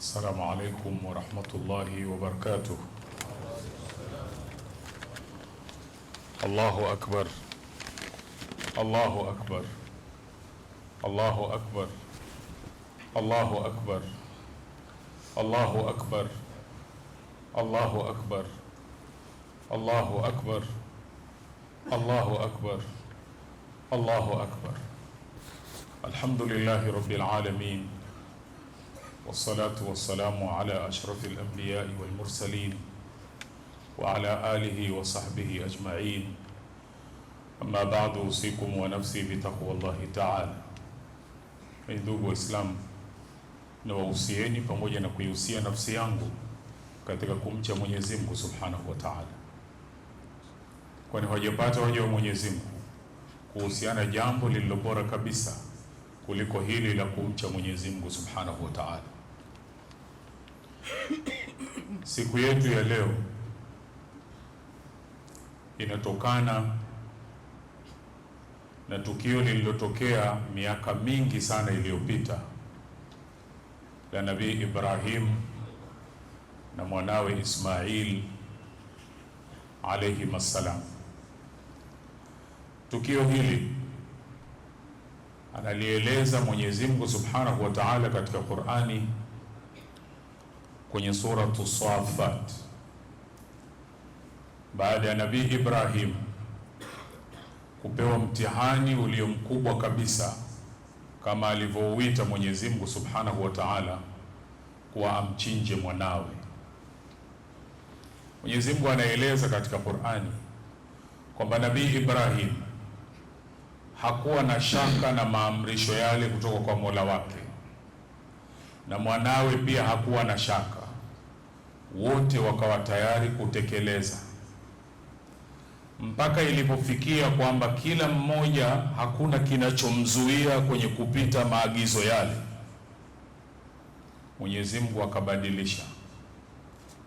السلام عليكم ورحمة الله وبركاته الله أكبر الله أكبر الله أكبر الله أكبر الله أكبر الله أكبر الله أكبر الله أكبر الله أكبر الحمد لله رب العالمين والصلاة والسلام على أشرف الأنبياء والمرسلين وعلى آله ajmain أجمعين badu usikum wa nafsi بتقوى الله taala ee Ndugu Waislamu, nawahusieni pamoja na kuihusia nafsi yangu katika kumcha Mwenyezi Mungu Subhanahu wa Ta'ala, kwani hawajapata waja wa Mwenyezi Mungu kuhusiana jambo lililo bora kabisa kuliko hili la kumcha Mwenyezi Mungu Subhanahu wa Ta'ala. Siku yetu ya leo inatokana na tukio lililotokea miaka mingi sana iliyopita la Nabii Ibrahim na mwanawe Ismail alayhi assalam. Tukio hili analieleza Mwenyezi Mungu Subhanahu wa Ta'ala katika Qur'ani kwenye suratu Safat baada ya Nabii Ibrahim kupewa mtihani ulio mkubwa kabisa kama alivyouita Mwenyezi Mungu Subhanahu wa Ta'ala kuwa amchinje mwanawe. Mwenyezi Mungu anaeleza katika Qur'ani kwamba Nabii Ibrahim hakuwa na shaka na maamrisho yale kutoka kwa Mola wake na mwanawe pia hakuwa na shaka wote wakawa tayari kutekeleza mpaka ilipofikia kwamba kila mmoja hakuna kinachomzuia kwenye kupita maagizo yale. Mwenyezi Mungu akabadilisha,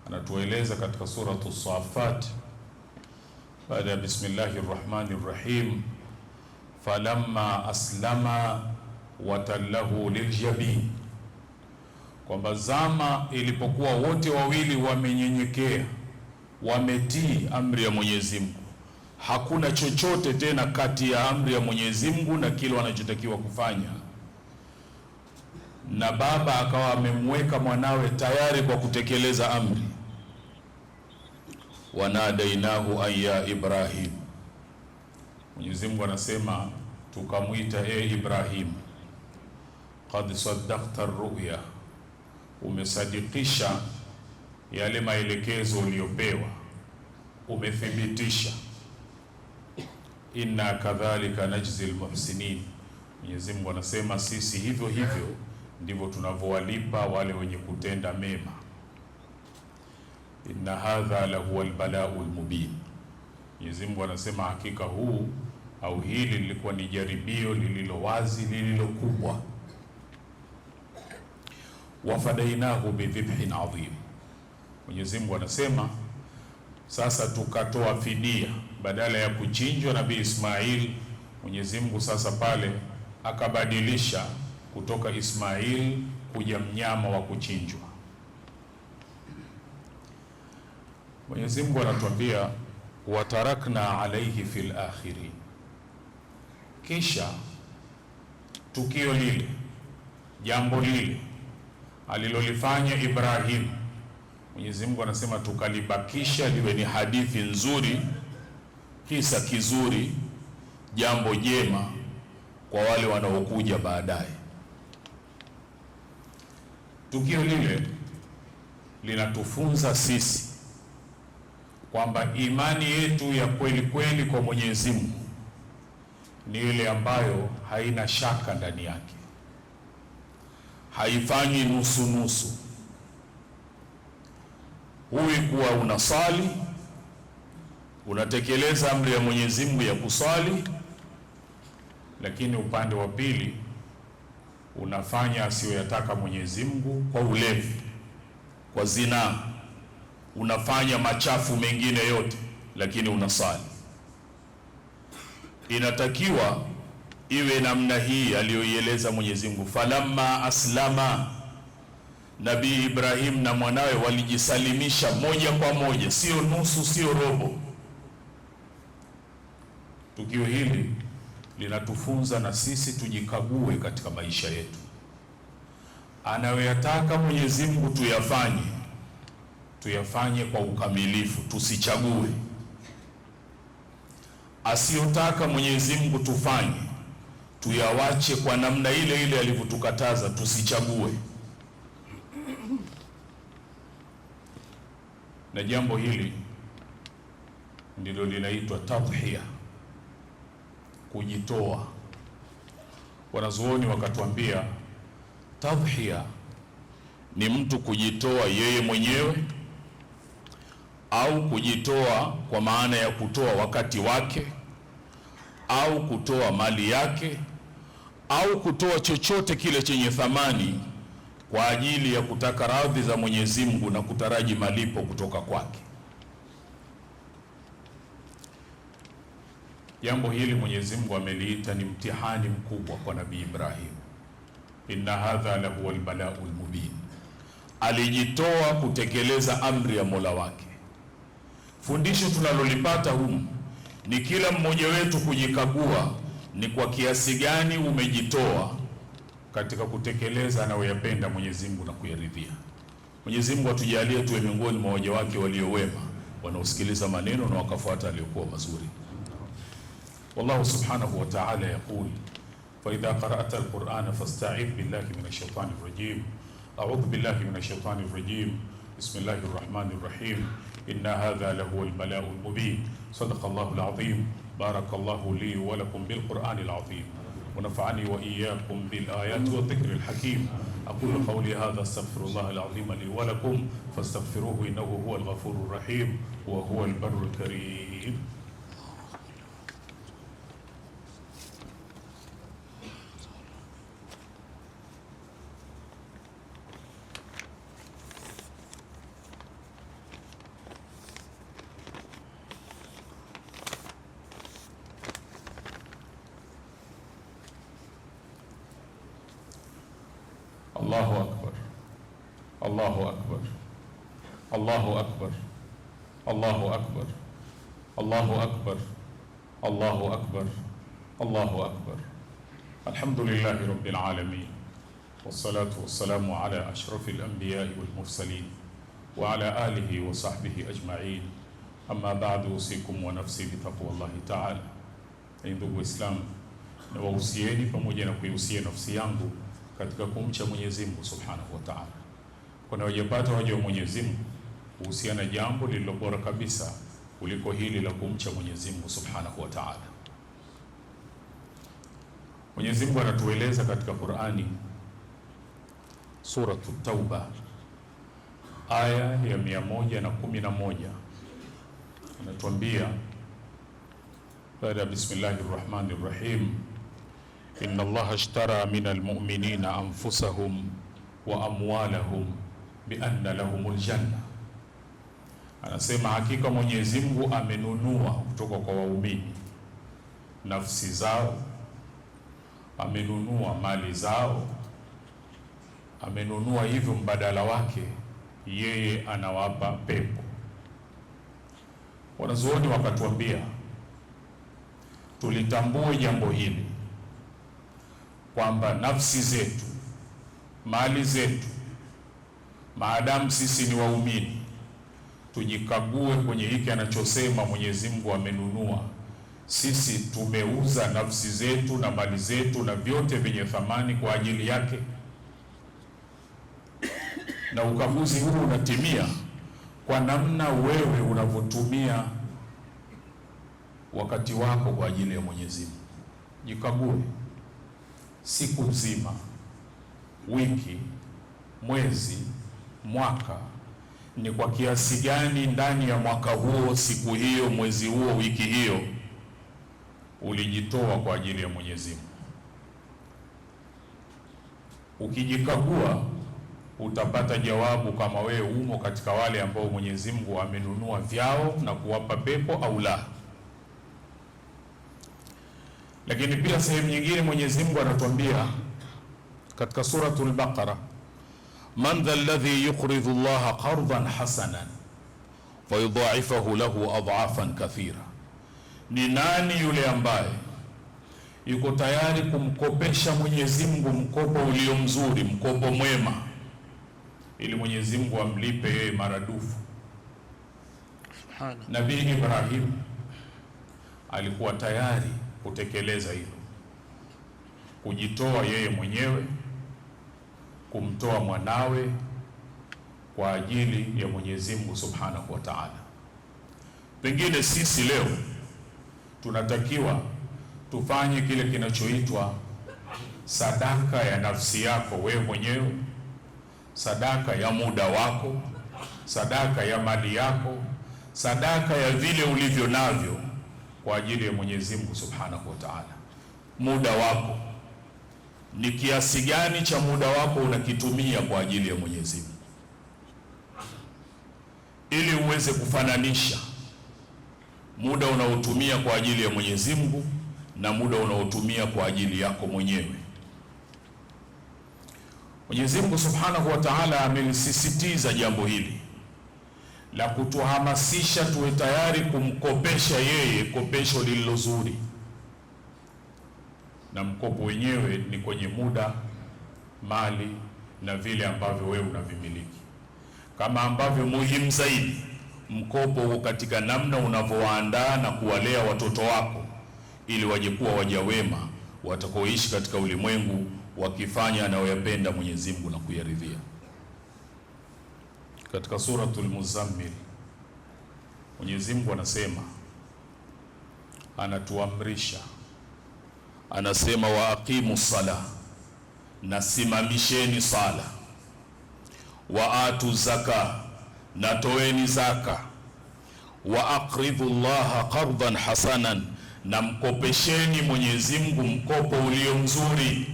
anatueleza katika suratu Safat baada ya bismillahi rahmani rrahim, falamma aslama watallahu liljabin kwamba zama ilipokuwa wote wawili wamenyenyekea, wametii amri ya Mwenyezi Mungu, hakuna chochote tena kati ya amri ya Mwenyezi Mungu na kile wanachotakiwa kufanya, na baba akawa amemweka mwanawe tayari kwa kutekeleza amri. Wanadainahu an ya Ibrahim, Mwenyezi Mungu anasema tukamwita, e Ibrahim, qad saddaqta ruya umesadikisha yale maelekezo uliyopewa, umethibitisha inna kadhalika najzi lmuhsinin Mwenyezi Mungu anasema sisi hivyo hivyo ndivyo tunavyowalipa wale wenye kutenda mema. Inna hadha la huwa albalau almubin. Mwenyezi Mungu anasema hakika huu au hili lilikuwa ni jaribio lililo wazi lililo kubwa wafadainahu bidhibhin adhim. Mwenyezi Mungu anasema sasa tukatoa fidia badala ya kuchinjwa Nabii Ismail. Mwenyezi Mungu sasa pale akabadilisha kutoka Ismail kuja mnyama wa kuchinjwa. Mwenyezi Mungu anatuambia watarakna alaihi fil akhirin, kisha tukio lile, jambo lile alilolifanya ibrahim Mwenyezi Mungu anasema tukalibakisha liwe ni hadithi nzuri, kisa kizuri, jambo jema kwa wale wanaokuja baadaye. Tukio lile linatufunza sisi kwamba imani yetu ya kweli kweli kwa Mwenyezi Mungu ni ile ambayo haina shaka ndani yake haifanyi nusu nusu. Huwi kuwa unasali unatekeleza amri ya Mwenyezi Mungu ya kuswali, lakini upande wa pili unafanya asiyoyataka Mwenyezi Mungu kwa ulevi, kwa zinaa, unafanya machafu mengine yote, lakini unasali. Inatakiwa iwe namna hii aliyoieleza Mwenyezi Mungu, falamma aslama Nabii Ibrahim na mwanawe walijisalimisha moja kwa moja, sio nusu, sio robo. Tukio hili linatufunza na sisi tujikague katika maisha yetu, anayoyataka Mwenyezi Mungu tuyafanye, tuyafanye kwa ukamilifu, tusichague asiyotaka Mwenyezi Mungu tufanye tuyawache kwa namna ile ile alivyotukataza tusichague. Na jambo hili ndilo linaitwa tadhhiya, kujitoa. Wanazuoni wakatuambia tadhhiya ni mtu kujitoa yeye mwenyewe au kujitoa kwa maana ya kutoa wakati wake au kutoa mali yake au kutoa chochote kile chenye thamani kwa ajili ya kutaka radhi za Mwenyezi Mungu na kutaraji malipo kutoka kwake. Jambo hili Mwenyezi Mungu ameliita ni mtihani mkubwa kwa Nabii Ibrahim, inna hadha lahuwa lbalaul mubin. Alijitoa kutekeleza amri ya Mola wake. Fundisho tunalolipata humu ni kila mmoja wetu kujikagua ni kwa kiasi gani umejitoa katika kutekeleza anayoyapenda Mwenyezi Mungu na kuyaridhia. Mwenyezi Mungu atujalie tuwe miongoni mwa waja wake walio wema wanaosikiliza maneno na wakafuata aliyokuwa mazuri. Wallahu subhanahu wa ta'ala yaqul fa idha qara'ta al-Qur'ana fasta'in billahi minash shaitani rajim a'udhu billahi minash shaitani rajim bismillahir rahmanir rahim inna hadha lahu al-bala'u al-mubin sadaqa Allahu al-azim بارك الله لي ولكم بالقرآن العظيم ونفعني وإياكم بالآيات والذكر الحكيم أقول قولي هذا استغفر الله العظيم لي ولكم فاستغفروه إنه هو الغفور الرحيم وهو البر الكريم الله أكبر الله أكبر الله أكبر الله أكبر الله أكبر الله أكبر الله أكبر الحمد لله رب العالمين والصلاة والسلام على أشرف الأنبياء والمرسلين وعلى آله وصحبه أجمعين أما بعد أوصيكم ونفسي بتقوى الله تعالى. عند الإسلام نوصيني pamoja na نفسي nafsi katika kumcha Mwenyezi Mungu Subhanahu wa Ta'ala. Kuna wajapata waja wa Mwenyezi Mungu kuhusiana jambo lililo bora kabisa kuliko hili la kumcha Mwenyezi Mungu Subhanahu wa Ta'ala. Mwenyezi Mungu anatueleza katika Qur'ani Suratu Tauba aya ya mia moja na kumi na moja anatuambia baada ya bismillahi rahmani rahim Inna Allaha ashtara min almuminina anfusahum wa amwalahum bianna lahum janna, anasema hakika Mwenyezi Mungu amenunua kutoka kwa waumini nafsi zao, amenunua mali zao, amenunua hivyo, mbadala wake yeye anawapa pepo. Wanazuoni wakatuambia tulitambue jambo hili kwamba nafsi zetu, mali zetu, maadamu sisi ni waumini, tujikague kwenye hiki anachosema Mwenyezi Mungu amenunua. Sisi tumeuza nafsi zetu na mali zetu na vyote vyenye thamani kwa ajili yake, na ukaguzi huu unatimia kwa namna wewe unavyotumia wakati wako kwa ajili ya Mwenyezi Mungu. Jikague siku nzima, wiki, mwezi, mwaka ni kwa kiasi gani ndani ya mwaka huo, siku hiyo, mwezi huo, wiki hiyo ulijitoa kwa ajili ya Mwenyezi Mungu. Ukijikagua utapata jawabu kama wewe umo katika wale ambao Mwenyezi Mungu amenunua vyao na kuwapa pepo au la. Lakini pia sehemu nyingine Mwenyezi Mungu anatuambia katika suratul Baqara, man dha alladhi yuqridu llaha qardan hasanan fayudha'ifahu lahu adhafan kathira, ni nani yule ambaye yuko tayari kumkopesha Mwenyezi Mungu mkopo ulio mzuri, mkopo mwema, ili Mwenyezi Mungu amlipe yeye maradufu. Subhana, Nabii Ibrahim alikuwa tayari kutekeleza hilo, kujitoa yeye mwenyewe, kumtoa mwanawe kwa ajili ya Mwenyezi Mungu Subhanahu wa Ta'ala. Pengine sisi leo tunatakiwa tufanye kile kinachoitwa sadaka ya nafsi yako wewe mwenyewe, sadaka ya muda wako, sadaka ya mali yako, sadaka ya vile ulivyo navyo kwa ajili ya Mwenyezi Mungu Subhanahu wa Ta'ala. Muda wako ni kiasi gani cha muda wako unakitumia kwa ajili ya Mwenyezi Mungu, ili uweze kufananisha muda unaotumia kwa ajili ya Mwenyezi Mungu na muda unaotumia kwa ajili yako mwenyewe. Mwenyezi Mungu Subhanahu wa Ta'ala amelisisitiza jambo hili la kutuhamasisha tuwe tayari kumkopesha yeye kopesho lililo zuri, na mkopo wenyewe ni kwenye muda, mali na vile ambavyo wewe unavimiliki. Kama ambavyo muhimu zaidi mkopo huo katika namna unavyowaandaa na kuwalea watoto wako ili wajekuwa waja wema watakaoishi katika ulimwengu wakifanya anayoyapenda Mwenyezi Mungu na kuyaridhia katika Suratul Muzammil Mwenyezi Mungu anasema, anatuamrisha, anasema wa aqimu sala, nasimamisheni sala, wa atu zaka, na toeni zaka, wa aqridu llaha qardan hasanan, na mkopesheni Mwenyezi Mungu mkopo ulio mzuri.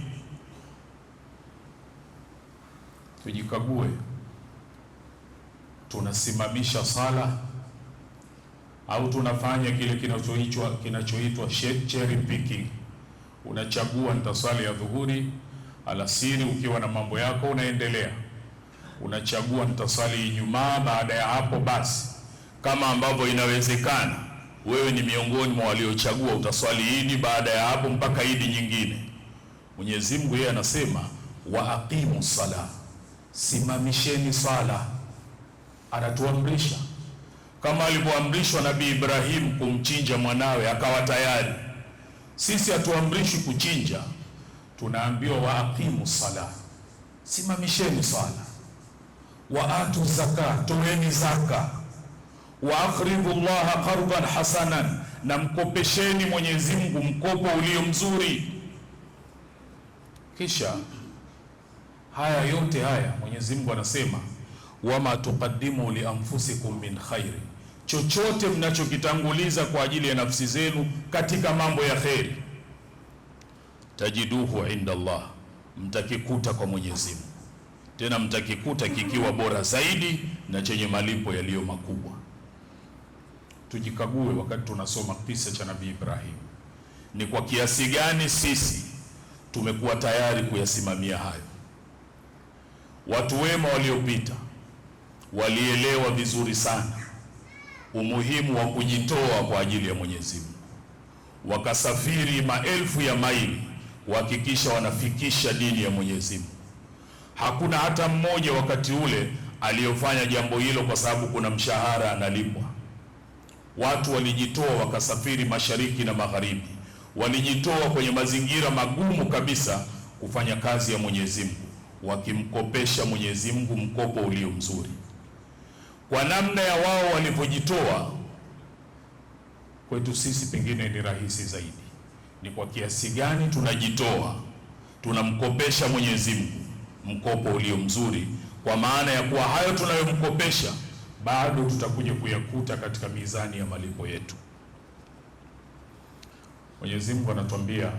Tujikague tunasimamisha sala au tunafanya kile kinachoitwa kinachoitwa cherry picking. Unachagua nitaswali ya dhuhuri, alasiri ukiwa na mambo yako unaendelea, unachagua nitaswali Ijumaa. Baada ya hapo basi, kama ambavyo inawezekana wewe ni miongoni mwa waliochagua utaswali Idi, baada ya hapo mpaka Idi nyingine. Mwenyezi Mungu yeye anasema waaqimu sala, simamisheni sala anatuamrisha kama alivyoamrishwa Nabii Ibrahimu kumchinja mwanawe akawa tayari. Sisi hatuamrishwi kuchinja, tunaambiwa waaqimu sala, simamisheni sala, waatu zaka, toeni zaka, waaqridu llaha qardan hasanan, na mkopesheni Mwenyezi Mungu mkopo ulio mzuri. Kisha haya yote haya Mwenyezi Mungu anasema wama tuqaddimu li anfusikum min khairi, chochote mnachokitanguliza kwa ajili ya nafsi zenu katika mambo ya kheri, tajiduhu inda Allah, mtakikuta kwa Mwenyezi Mungu, tena mtakikuta kikiwa bora zaidi na chenye malipo yaliyo makubwa. Tujikague wakati tunasoma kisa cha Nabii Ibrahim, ni kwa kiasi gani sisi tumekuwa tayari kuyasimamia hayo. Watu wema waliopita walielewa vizuri sana umuhimu wa kujitoa kwa ajili ya Mwenyezi Mungu, wakasafiri maelfu ya maili kuhakikisha wanafikisha dini ya Mwenyezi Mungu. Hakuna hata mmoja wakati ule aliyofanya jambo hilo kwa sababu kuna mshahara analipwa. Watu walijitoa wakasafiri mashariki na magharibi, walijitoa kwenye mazingira magumu kabisa kufanya kazi ya Mwenyezi Mungu, wakimkopesha Mwenyezi Mungu mkopo ulio mzuri kwa namna ya wao walivyojitoa kwetu sisi pengine ni rahisi zaidi. Ni kwa kiasi gani tunajitoa, tunamkopesha Mwenyezi Mungu mkopo ulio mzuri, kwa maana ya kuwa hayo tunayomkopesha bado tutakuja kuyakuta katika mizani ya malipo yetu. Mwenyezi Mungu anatuambia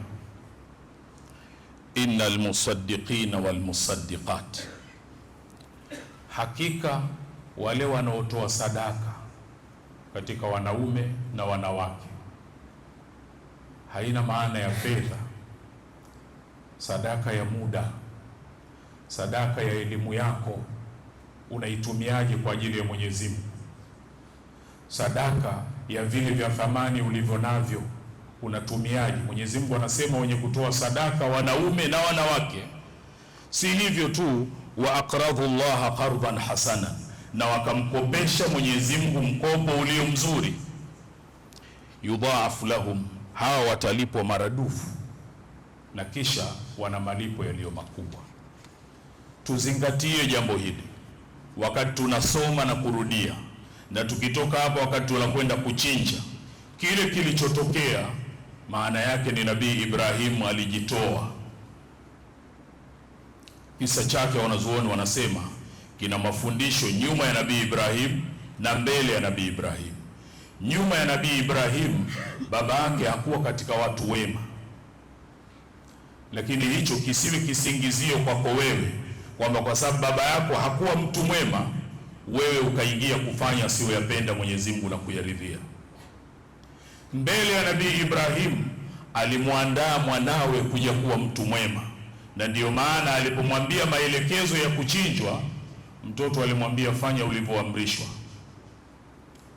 innal musaddiqina wal musaddiqat, hakika wale wanaotoa sadaka katika wanaume na wanawake. Haina maana ya fedha, sadaka ya muda, sadaka ya elimu yako unaitumiaje kwa ajili ya Mwenyezi Mungu, sadaka ya vile vya thamani ulivyo navyo unatumiaje? Mwenyezi Mungu anasema wenye kutoa sadaka wanaume na wanawake, si hivyo tu, wa aqradhu llaha qardhan hasana na wakamkopesha Mwenyezi Mungu mkopo ulio mzuri, yudhaafu lahum, hawa watalipwa maradufu na kisha wana malipo yaliyo makubwa. Tuzingatie jambo hili wakati tunasoma na kurudia, na tukitoka hapa, wakati tunakwenda kuchinja, kile kilichotokea maana yake ni Nabii Ibrahimu alijitoa. Kisa chake wanazuoni wanasema kina mafundisho nyuma ya Nabii Ibrahim na mbele ya Nabii Ibrahim. Nyuma ya Nabii Ibrahim, baba yake hakuwa katika watu wema, lakini hicho kisiwi kisingizio kwako wewe kwamba kwa sababu baba yako hakuwa mtu mwema, wewe ukaingia kufanya asiyoyapenda Mwenyezi Mungu na kuyaridhia. Mbele ya Nabii Ibrahim alimwandaa mwanawe kuja kuwa mtu mwema, na ndiyo maana alipomwambia maelekezo ya kuchinjwa Mtoto alimwambia fanya ulivyoamrishwa.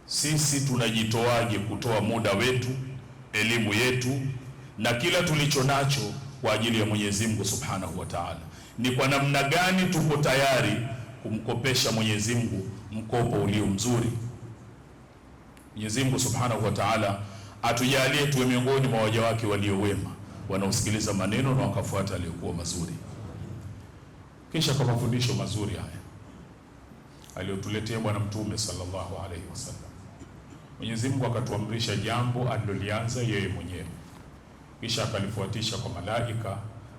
Sisi tunajitoaje kutoa muda wetu, elimu yetu na kila tulicho nacho kwa ajili ya Mwenyezi Mungu Subhanahu wa Ta'ala? Ni kwa namna gani tuko tayari kumkopesha Mwenyezi Mungu mkopo ulio mzuri? Mwenyezi Mungu Subhanahu wa Ta'ala atujalie tuwe miongoni mwa waja wake walio wema wanaosikiliza maneno na wakafuata aliyokuwa mazuri, kisha kwa mafundisho mazuri haya aliyotuletea Bwana Mtume sallallahu alaihi wasallam. Mwenyezi Mungu akatuamrisha jambo alilolianza yeye mwenyewe, kisha akalifuatisha kwa malaika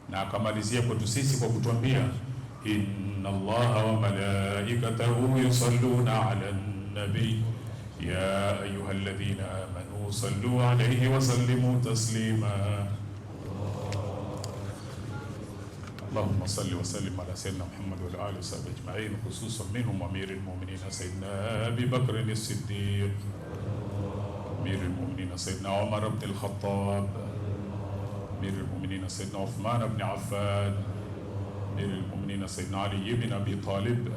na akamalizia kwetu sisi kwa kutuambia inna Allaha wa malaikatahu yusalluna ala nabii ya ayuha alladhina amanu sallu alayhi wa sallimu taslima اللهم صل وسلم على سيدنا محمد وعلى اله وصحبه اجمعين خصوصا منهم امير المؤمنين سيدنا ابي بكر الصديق امير المؤمنين سيدنا عمر بن الخطاب امير المؤمنين سيدنا عثمان بن عفان امير المؤمنين سيدنا علي بن ابي طالب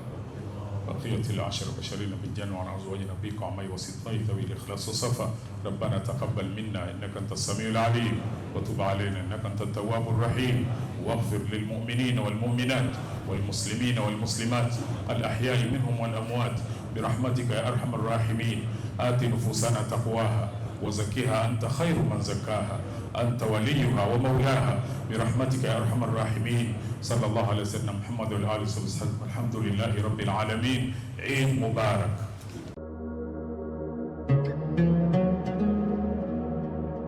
بقية العشر بشرين بالجنة وعن أزواج نبيك وعمي وستي ذوي الإخلاص وصفا ربنا تقبل منا إنك أنت السميع العليم وتب علينا إنك أنت التواب الرحيم واغفر للمؤمنين والمؤمنات والمسلمين والمسلمات الأحياء منهم والأموات برحمتك يا أرحم الراحمين آت نفوسنا تقواها وزكها أنت خير من زكاها أنت وليها ومولاها برحمتك يا أرحم الراحمين صلى الله على سيدنا محمد وعلى آله وصحبه وسلم الحمد لله رب العالمين عيد مبارك